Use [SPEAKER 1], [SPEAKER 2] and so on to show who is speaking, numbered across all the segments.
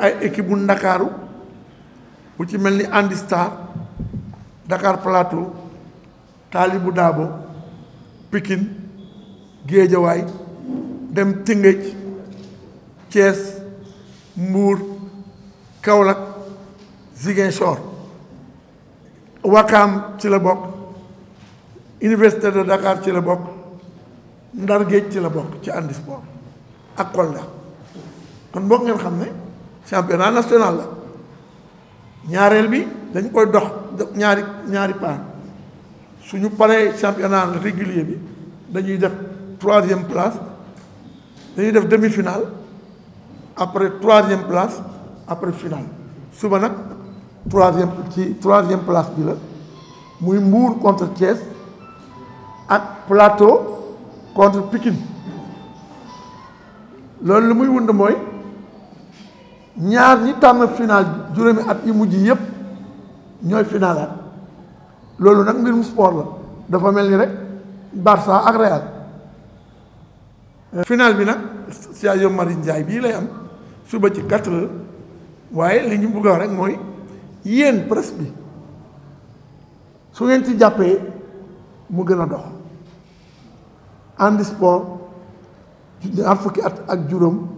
[SPEAKER 1] ay équipe bu ndakaaru bu ci mel ni Andi Star Dakar Plateau Talibou Dabo Pikine Géejawaay dem Tëngéej Thiès Mbuur Kaolack Ziguinchor Wakaam ci la bokk Université de Dakar ci la bokk Ndar Géej ci la bokk ci Andi Sport ak Kolda kon bokk ngeen xam ne championnat national la ñaareel bi dañ koy dox ñaari ñaari part suñu paree championnat régulier bi dañuy def troisième place dañuy def demi-finale après troisième place après finale suba nag troisième ci troisième place bi la muy Mbour contre Thiès ak Plateau contre Pikine loolu lu muy wund mooy ñaar ñi tam final juroomi at yi mujj yépp ñooy finalaat loolu nak mbirum sport la dafa melni rek Barça ak Real final bi nak Sadio Marie Ndiaye bi lay am suba ci 4 heures waaye li ñu bëgg rek moy yeen press bi su ngeen ci jappé mu gëna dox and sport ñaar fukki at ak juroom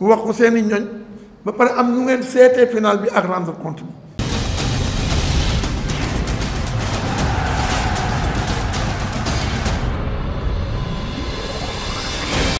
[SPEAKER 1] wax ko seeni ñoñ ba pare am nu ngeen seetee final bi ak rendre compte